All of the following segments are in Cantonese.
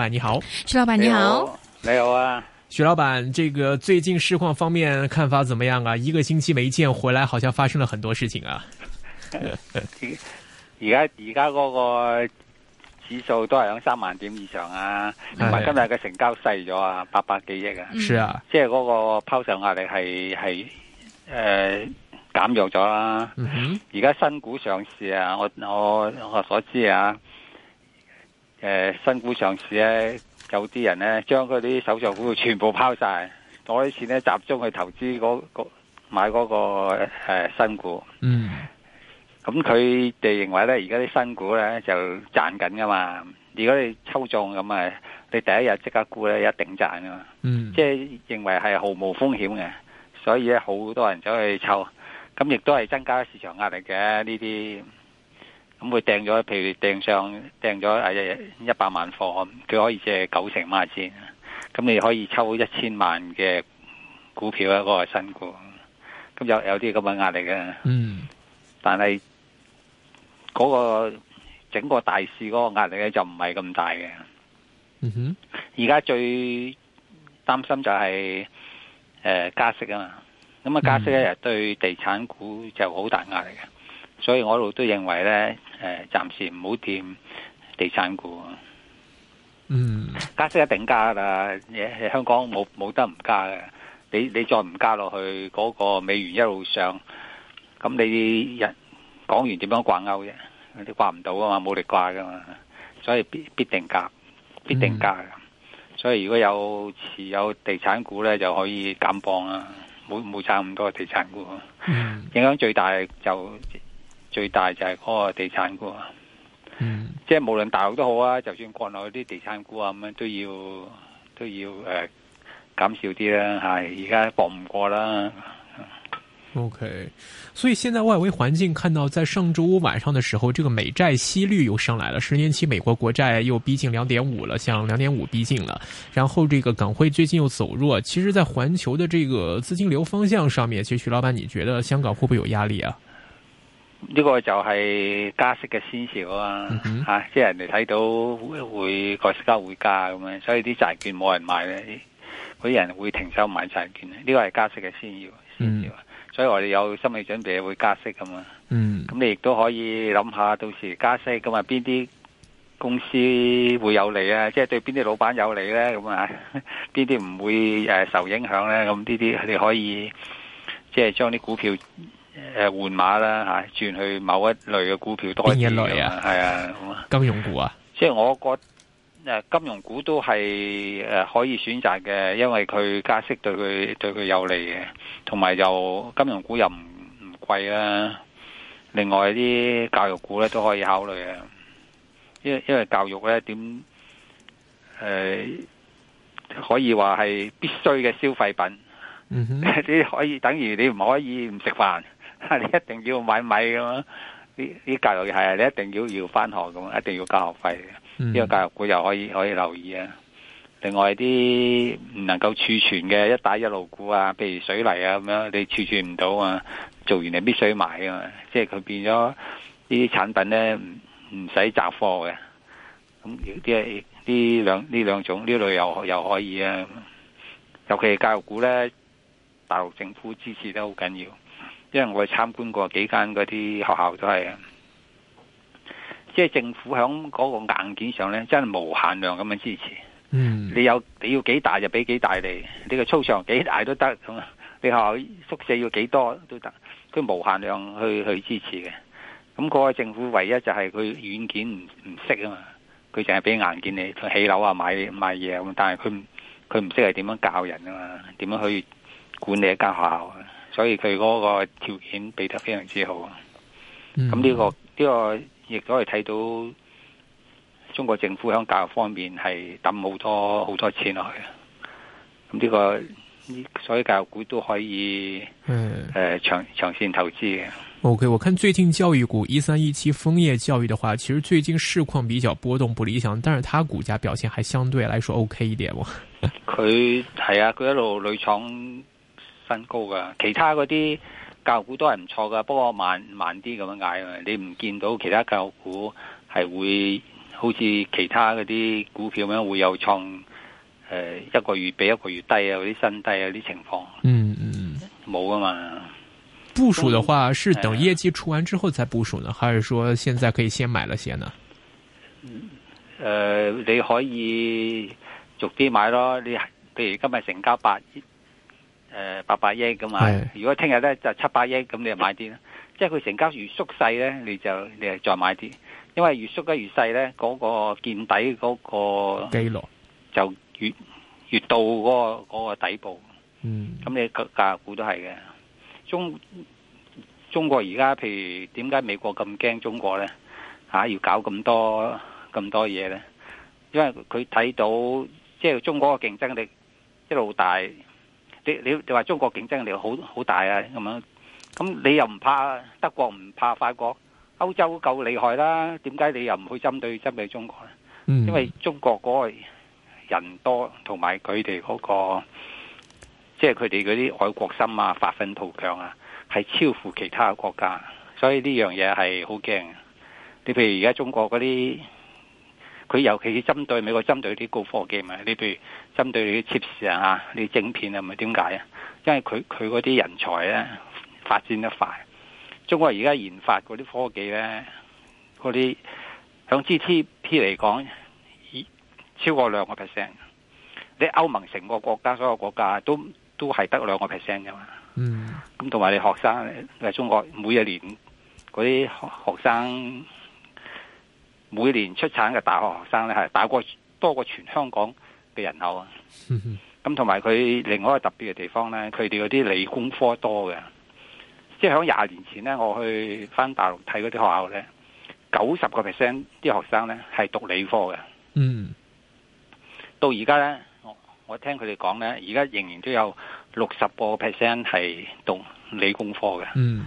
哎，你好，徐老闆，你好，你好啊，徐老闆，這個最近市況方面看法怎麼樣啊？一個星期沒見回來，好像發生了很多事情啊。而 家，而家嗰個指數都係響三萬點以上啊，同埋今日嘅成交細咗啊，八百幾億啊。是啊，即係嗰個拋售壓力係係誒減弱咗啦，啊。嗯哼，而家新股上市啊，我我我所知啊。誒，新股上市咧，有啲人咧將佢啲手上股全部拋晒，攞啲錢咧集中去投資嗰個買嗰個誒新股。嗯，咁佢哋認為咧，而家啲新股咧就賺緊噶嘛。如果你抽中咁啊，你第一日即刻沽咧一定賺噶嘛。嗯，即係認為係毫無風險嘅，所以咧好多人走去抽，咁亦都係增加市場壓力嘅呢啲。咁佢訂咗，譬如訂上訂咗一百萬貨，佢可以借九成買先。咁你可以抽一千萬嘅股票一嗰、嗰個新股。咁有有啲咁嘅壓力嘅。嗯。但係嗰、嗰個整個大市嗰個壓力咧就唔係咁大嘅。哼。而家最擔心就係、是、誒、呃、加息啊嘛。咁啊加息一日對地產股就好大壓力嘅。所以我一路都認為咧。誒，暫時唔好掂地產股。嗯，加息一定加啦，香港冇冇得唔加嘅。你你再唔加落去，嗰個美元一路上，咁你日港元點樣掛鈎啫？你掛唔到啊嘛，冇力掛噶嘛。所以必必定加，必定加，嗯。所以如果有持有地產股咧，就可以減磅啦。冇冇揸咁多地產股，嗯，影響最大就。最大就係嗰個地產股，嗯、即係無論大陸都好啊，就算國內啲地產股啊咁樣都要都要誒減少啲啦吓，而家搏唔過啦。OK，所以現在外圍環境，看到在上周五晚上的時候，這個美債息率又上來了，十年期美國國債又逼近兩點五了，向兩點五逼近了。然後這個港匯最近又走弱，其實，在環球的這個資金流方向上面，其實徐老闆，你覺得香港會不會有壓力啊？呢、這個就係加息嘅先兆啊！嚇、Mm-hmm. 啊，即係人哋睇到會加息會，會加咁樣，所以啲債券冇人買咧，嗰啲人會停手買債券呢、這個係加息嘅先兆，Mm-hmm. 先兆。所以我哋有心理準備會加息咁啊。嗯。咁你亦都可以諗下，到時加息咁啊，邊啲公司會有利啊？即係對邊啲老闆有利咧？咁啊，邊啲唔會誒受影響咧？咁呢啲你可以即係將啲股票。誒，換馬啦吓，轉去某一類嘅股票多啲啊，係啊，金融股啊，即係、啊就是、我覺誒，金融股都係誒可以選擇嘅，因為佢加息對佢對佢有利嘅，同埋又金融股又唔唔貴啦。另外啲教育股咧都可以考慮啊，因為因為教育咧點誒可以話係必須嘅消費品，嗯哼、 你可以等於你唔可以唔食飯。你一定要買米㗎嘛！呢啲教育係啊，你一定要要翻學咁啊，一定要交學費。呢個教育股又可以可以留意啊。另外啲唔能夠儲存嘅一帶一路股啊，譬如水泥啊咁樣，你儲存唔到啊，做完你必須賣啊嘛。即係佢變咗呢啲產品咧，唔唔使集貨嘅。咁有啲係呢兩呢兩種呢類又又可以啊。尤其係教育股咧，大陸政府支持得好緊要。因為我去參觀過幾間嗰啲學校都，都係，即係政府喺嗰個硬件上咧，真係無限量咁樣支持。嗯，你有你要幾大就俾幾大你，你個操場幾大都得咁，你學校宿舍要幾多都得，佢無限量去去支持嘅。咁、嗰個政府唯一就係佢軟件唔唔識啊嘛，佢淨係俾硬件你起樓啊、買買嘢，但係佢佢唔識係點樣教人啊嘛，點樣去管理一間學校。所以佢嗰個條件俾得非常之好啊！咁、嗯、呢、這個呢、這個亦都可以睇到中國政府喺教育方面係抌好多好多錢落去啊！咁、這、呢個所以教育股都可以誒、嗯呃、長長線投資嘅。OK，我看最近教育股一三一七楓葉教育的話，其實最近市況比較波動不理想，但是佢股價表現還相對來說 OK 一點佢係 啊，佢一路屢闖分高噶，其他嗰啲教股都係唔錯噶，不過慢慢啲咁樣嗌啊！你唔見到其他教股係會好似其他嗰啲股票咁樣會有創誒、呃、一個月比一個月低啊，啲新低啊啲情況。嗯嗯冇噶嘛。部署嘅話是等業績出完之後再部署呢、嗯，還是說現在可以先買了先呢？誒、呃，你可以逐啲買咯。你，譬如今日成交八。誒，八百億咁嘛，如果聽日咧就七百億，咁你就買啲啦。即係佢成交越縮細咧，你就你就再買啲，因為越縮得越細咧，嗰、那個見底嗰、那個基落就越越到嗰、那個、那個底部。嗯，咁你個價股都係嘅。中中國而家譬如點解美國咁驚中國咧？吓、啊、要搞咁多咁多嘢咧？因為佢睇到即係中國嘅競爭力一路大。你你話中國競爭力好好大啊，咁樣，咁你又唔怕德國，唔怕法國，歐洲夠厲害啦？點解你又唔去針對針對中國咧？因為中國嗰個人多，同埋佢哋嗰個即係佢哋嗰啲愛國心啊，發奮圖強啊，係超乎其他國家，所以呢樣嘢，係好驚。你譬如而家中國嗰啲。佢尤其是針對美國，針對啲高科技嘛？你譬如針對啲設施啊，啲晶片啊，咪點解啊？因為佢佢嗰啲人才咧，發展得快，中國而家研發嗰啲科技咧，嗰啲響 GTP 嚟講，超過兩個 percent。你歐盟成個國家所有國家都都係得兩個 percent 噶嘛？嗯。咁同埋你學生，係中國每一年嗰啲學生。每年出產嘅大學學生咧係大過多過全香港嘅人口啊！咁同埋佢另外一個特別嘅地方咧，佢哋嗰啲理工科多嘅。即係喺廿年前咧，我去翻大陸睇嗰啲學校咧，九十個 percent 啲學生咧係讀理科嘅。嗯。到而家咧，我我聽佢哋講咧，而家仍然都有六十個 percent 係讀理工科嘅。嗯。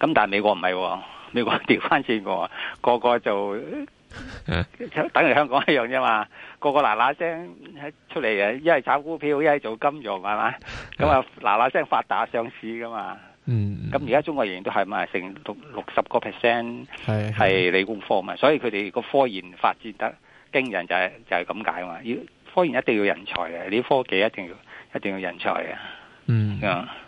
咁、嗯、但係美國唔係喎，美國調翻轉喎，個個就～嗯， 等於香港一樣啫嘛，個個嗱嗱聲出嚟啊，一係炒股票，一係做金融，係嘛？咁啊，嗱嗱聲發達上市噶嘛，嗯，咁而家中國仍然都係咪成六六十個 percent 係係理工科嘛，所以佢哋個科研發展得驚人、就是，就係就係咁解嘛。要科研一定要人才嘅，你啲科技一定要一定要人才嘅，嗯、mm、啊 -hmm.。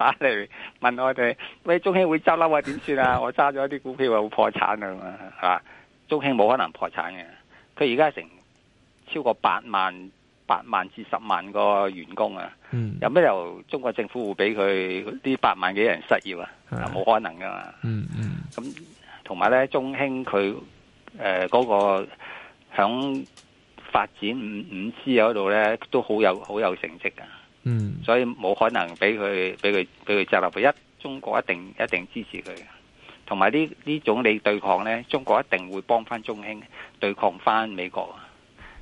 打嚟問我哋，喂，中興會執笠啊點算啊？我揸咗啲股票啊會破產啊嘛 中興冇可能破產嘅，佢而家成超過八萬八萬至十萬個員工啊，有、嗯、咩由，由中國政府會俾佢啲八萬幾人失業啊？冇可能噶嘛。嗯嗯，咁同埋咧，中興佢嗰、呃嗰個響發展五五 G 嗰度咧，都好有好有成績噶。嗯，所以冇可能俾佢俾佢俾佢摘落佢，一中國一定一定支持佢，同埋呢呢種你對抗呢，中國一定會幫翻中興對抗翻美國，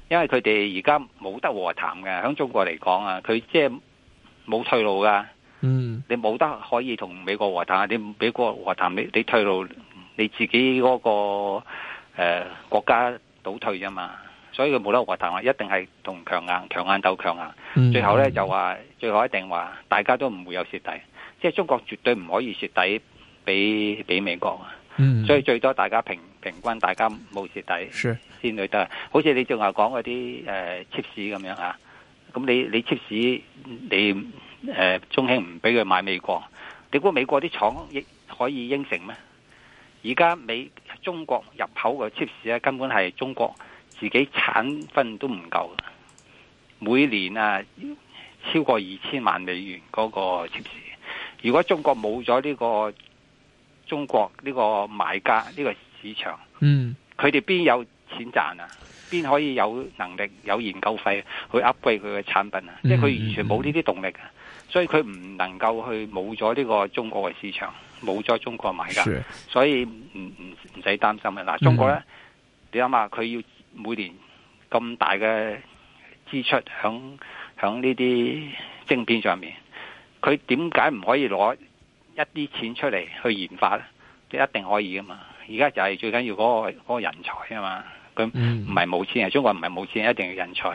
因為佢哋而家冇得和談噶，響中國嚟講啊，佢即係冇退路噶，嗯，你冇得可以同美國和談，你美國和談你你退路，你自己嗰、嗰個誒、呃、國家倒退啊嘛。所以佢冇得話談話，一定係同強硬強硬鬥強硬，嗯，最後咧就話最後一定話大家都唔會有蝕底，即、就、係、是、中國絕對唔可以蝕底俾俾美國啊、嗯！所以最多大家平平均，大家冇蝕底先去得。好似你正話講嗰啲誒 chip 士咁樣啊，咁你你 chip 士你誒、呃、中興唔俾佢買美國，你估美國啲廠亦可以應承咩？而家美中國入口嘅 chip 士、啊、咧，根本係中國。自己產分都唔夠，每年啊超過二千萬美元嗰個設施。如果中國冇咗呢個中國呢個買家呢個市場，嗯，佢哋邊有錢賺啊？邊可以有能力有研究費去 upgrade 佢嘅產品啊？嗯、即係佢完全冇呢啲動力啊！所以佢唔能夠去冇咗呢個中國嘅市場，冇咗中國買家，是所以唔唔唔使擔心嘅。嗱，中國呢，嗯、你諗下佢要。每年咁大嘅支出響響呢啲晶片上面，佢點解唔可以攞一啲錢出嚟去研發咧？一定可以噶嘛？而家就係最緊要嗰個個人才啊嘛！佢唔係冇錢啊，中國唔係冇錢，一定要人才。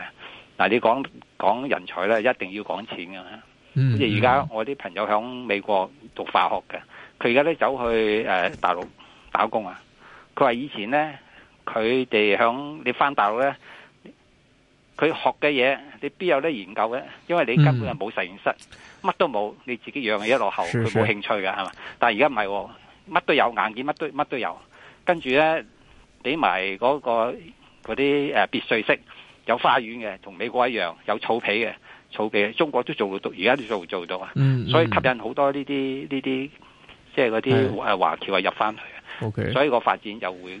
嗱，你講講人才咧，一定要講錢噶嘛？即係而家我啲朋友響美國讀化學嘅，佢而家都走去誒大陸打工啊！佢話以前咧。佢哋響你翻大陸咧，佢學嘅嘢你必有得研究嘅？因為你根本係冇實驗室，乜、嗯、都冇，你自己養嘢一落後，佢冇興趣嘅係嘛？但係而家唔係，乜都有硬件什麼，乜都乜都有。跟住咧，俾埋嗰個嗰啲誒別墅式有花園嘅，同美國一樣有草皮嘅，草皮嘅，中國都做得到，而家都做做到啊、嗯！所以吸引好多呢啲呢啲即係嗰啲誒華僑啊入翻去。Okay. 所以個發展又會。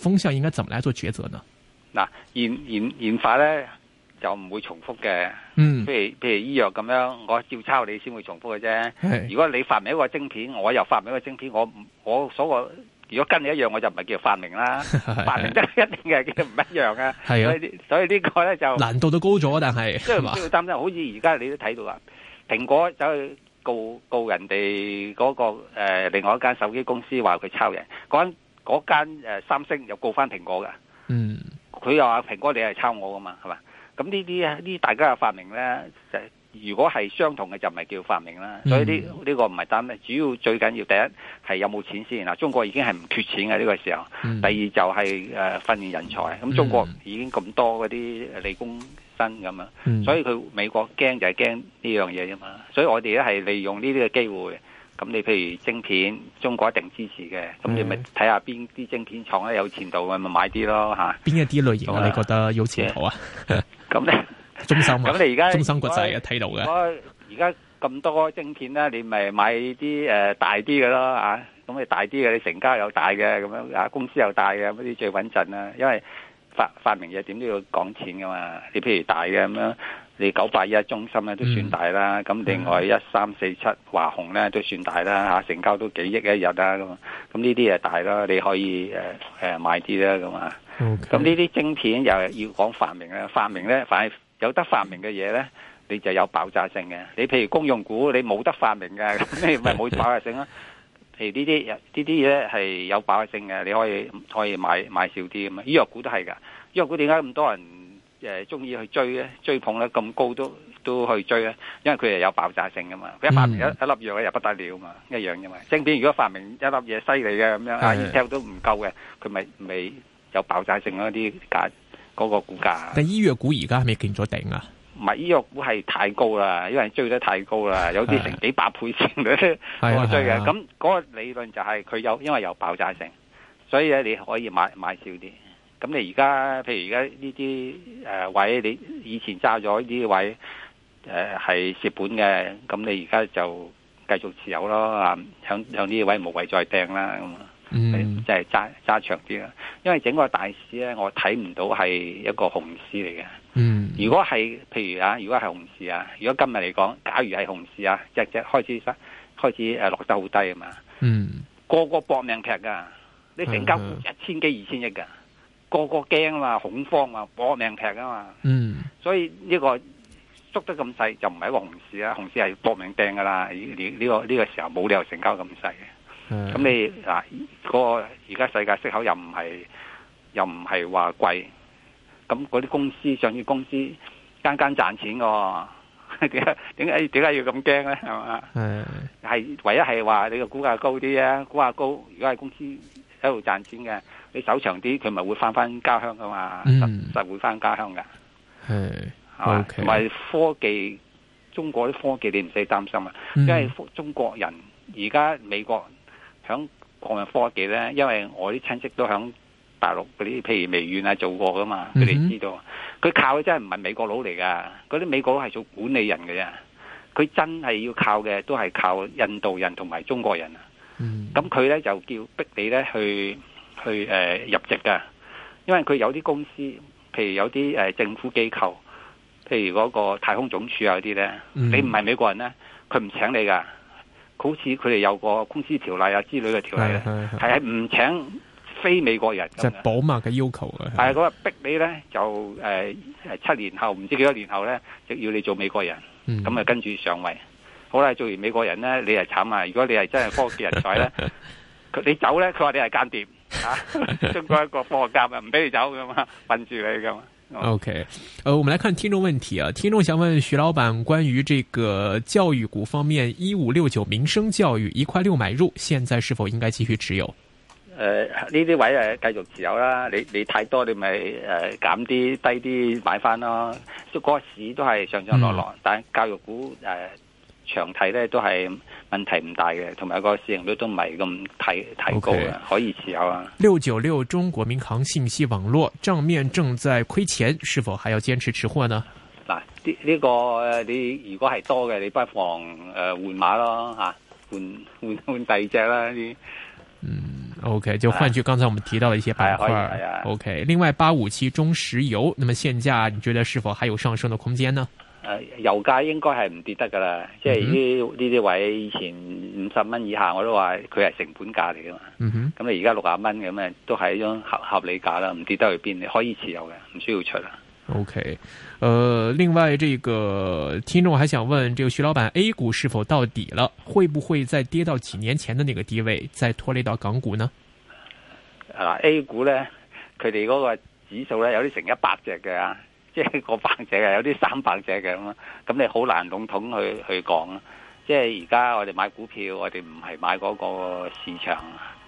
風向應該怎麼來做抉擇呢？嗱研研研發咧就唔會重複嘅，嗯，譬如譬如醫藥咁樣，我照抄你先會重複嘅啫。嗯、如果你發明一個晶片，我又發明一個晶片，我我所謂如果跟你一樣，我就唔係叫發明啦， 發明真係一定嘅，唔一樣嘅。係 啊，所以個呢個咧就難度都高咗，但係即係都要擔心。好似而家你都睇到啦，蘋果走去告告人哋嗰、那個誒、呃，另外一間手機公司話佢抄人，嗰間、呃、三星又告翻蘋果㗎。嗯，佢又話蘋果你係抄我㗎嘛，係嘛？咁呢啲呢大家嘅發明咧，就如果係相同嘅就唔係叫發明啦。所以呢呢、嗯呢個唔係單咩，主要最緊要第一係有冇錢先啦。中國已經係唔缺錢嘅呢個時候，嗯、第二就係、是呃、訓練人才。咁中國已經咁多嗰啲理工生咁啊、嗯，所以佢美國驚就係驚呢樣嘢啫嘛。所以我哋咧係利用呢啲嘅機會。咁你譬如晶片，中國一定支持嘅。咁你咪睇下邊啲晶片廠咧有前途嘅，咪買啲咯嚇。邊、啊、一啲類型我、啊、哋覺得有前途啊？咁咧， 中芯咁、啊、你而家中芯國際啊睇到嘅。而家咁多晶片咧，你咪買啲誒、呃、大啲嘅咯嚇。咁、啊、你大啲嘅，你成交又大嘅，咁樣啊公司又大嘅，嗰啲最穩陣啦、啊。因為發發明嘢點都要講錢㗎嘛。你譬如大嘅咁樣。你九八一中芯咧都算大啦，咁、嗯、另外一三四七華虹咧都算大啦嚇，成交都幾億一日啦，咁，咁呢啲啊大啦，你可以誒誒、呃、買啲啦咁啊。咁呢啲晶片又係要講發明啊，發明咧，凡係有得發明嘅嘢咧，你就有爆炸性嘅。你譬如公用股，你冇得發明嘅，你唔係冇爆炸性咯。 譬如呢啲，呢啲嘢係有爆炸性嘅，你可以可以買買少啲咁啊。醫藥股都係㗎，醫藥股點解咁多人？誒中意去追咧，追捧得咁高都都去追咧，因為佢又有爆炸性噶嘛，佢一發明一粒藥咧又不得了嘛，一、嗯、樣啫嘛。正點？如果發明一粒嘢犀利嘅咁樣，Intel 都唔夠嘅，佢咪未有爆炸性嗰啲價嗰個股價。但係醫藥股而家係咪見咗頂啊？唔係醫藥股係太高啦，因為追得太高啦，有啲成幾百倍先嘅，我 追嘅。咁嗰、嗰個理論就係、是、佢有，因為有爆炸性，所以咧你可以買,買少啲。咁你而家，譬如而家呢啲位，你以前揸咗呢啲位誒係蝕本嘅，咁你而家就繼續持有咯啊！向向呢啲位無謂再掟啦，咁即係揸揸長啲啦。因為整個大市咧，我睇唔到係一個熊市嚟嘅。嗯。如果係譬如啊，如果係熊市啊，如果今日嚟講，假如係熊市啊，只只開始開始落得好低啊嘛。嗯。個個搏命劈噶，你成交一千幾二千億噶。個個驚啊嘛，恐慌啊，搏命踢啊嘛，嗯，所以呢個縮得咁細就唔係一個熊市啊，熊市係搏命掟噶啦，呢、呢、呢個呢、呢個時候冇理由成交咁細嘅。咁你嗱嗰、嗰個而家世界息口又唔係又唔係話貴，咁嗰啲公司上市公司間間賺錢噶，哦，點解點解要咁驚咧？係嘛，係唯一係話你個股價高啲啊，股價高如果係公司喺度賺錢嘅。你手長啲，佢咪會翻翻家鄉噶嘛？實實會翻家鄉噶，係係嘛？同埋科技，中國啲科技你唔使擔心啊，因為中國人而家美國響礦業科技咧，因為我啲親戚都響大陸，嗰啲譬如微軟啊做過噶嘛，佢哋知道，佢靠嘅真係唔係美國佬嚟噶，嗰啲美國佬係做管理人嘅啫，佢真係要靠嘅都係靠印度人同埋中國人啊。咁佢咧就叫逼你咧去。去誒、呃、入籍嘅，因為佢有啲公司，譬如有啲誒、呃、政府機構，譬如嗰個太空總署啊嗰啲咧，嗯、你唔係美國人咧，佢唔請你嘅。好似佢哋有個公司條例啊之類嘅條例咧，係唔請非美國人嘅。就係、保密嘅要求嘅，係佢逼你咧就誒誒七年後唔知幾多年後咧，就要你做美國人。咁、嗯、啊跟住上位，好啦，做完美國人咧，你係慘啊！如果你係真係科技人才咧， 你走咧，佢話你係間諜。 啊、中捉一個貨夾啊，唔俾你走噶嘛，困住你噶嘛。OK，誒、呃，我們來看聽眾問題啊，聽眾想問徐老闆關於這個教育股方面，一五六九民生教育一塊六買入，現在是否應該繼續持有？誒、呃，呢啲位誒繼續持有啦，你你太多你咪誒減啲低啲買翻咯，即嗰個市都係上上落落，嗯、但教育股誒。呃長睇咧都係問題唔大嘅，同埋個市盈率都唔係咁提提高嘅，okay. 可以持有啊。六九六中國民航信息網絡賬面正在虧錢，是否還要堅持持貨呢？嗱、這個，呢呢個你如果係多嘅，你不妨誒換馬咯吓，換換換第二隻啦。嗯，OK，就換取剛才我們提到嘅一些板塊、啊啊。OK，另外八五七中石油，那麼現價你覺得是否還有上升的空間呢？油價應該係唔跌得噶啦，即係呢呢啲位以前五十蚊以下，我都話佢係成本價嚟噶嘛。咁你而家六啊蚊咁樣，都係一種合合理價啦，唔跌得去邊，你可以持有嘅，唔需要出啦。OK，誒、呃，另外呢、這個聽眾還想問，這個徐老闆，A 股是否到底了？會不會再跌到幾年前的那個低位，再拖累到港股呢、啊、？A 股呢，佢哋嗰個指數呢，有啲成一百隻嘅。一個百隻嘅，有啲三百隻嘅咁咯，咁你好難籠統，統去去講啊。即係而家我哋買股票，我哋唔係買嗰個市場，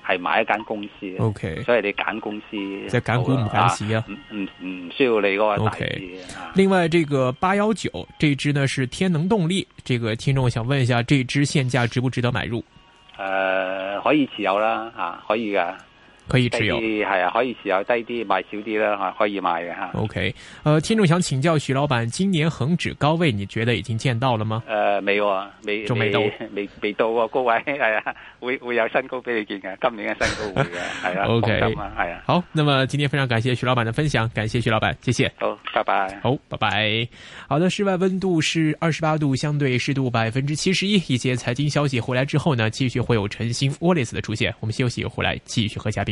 係買一間公司。O、okay. K. 所以你揀公司，即係揀股唔揀市啊。唔、啊、唔需要你嗰個大市、okay. 啊。另外，呢個八幺九呢支呢是天能動力，呢個聽眾想問一下，呢支現價值唔值得買入？誒、呃，可以持有啦，吓、啊，可以㗎。可以持有可以，係啊，可以持有低啲，賣少啲啦，係可以賣嘅吓。O、okay. K，呃，聽眾想請教徐老闆，今年恒指高位，你覺得已經見到了嗎？呃，未、哦，未，仲未到，未，到啊、哦，高位係啊、哎，會會有新高俾你見嘅，今年嘅新高會嘅，係、 哎 okay. 啊，O K，係啊。好，那麼今天非常感謝徐老闆的分享，感謝徐老闆，謝謝。好，拜拜。好，拜拜。好的，室外温度是二十八度，相對濕度百分之七十一。一些財經消息回來之後呢，繼續會有陳星 Wallace 的出現，我們休息回來繼續喝下。嘉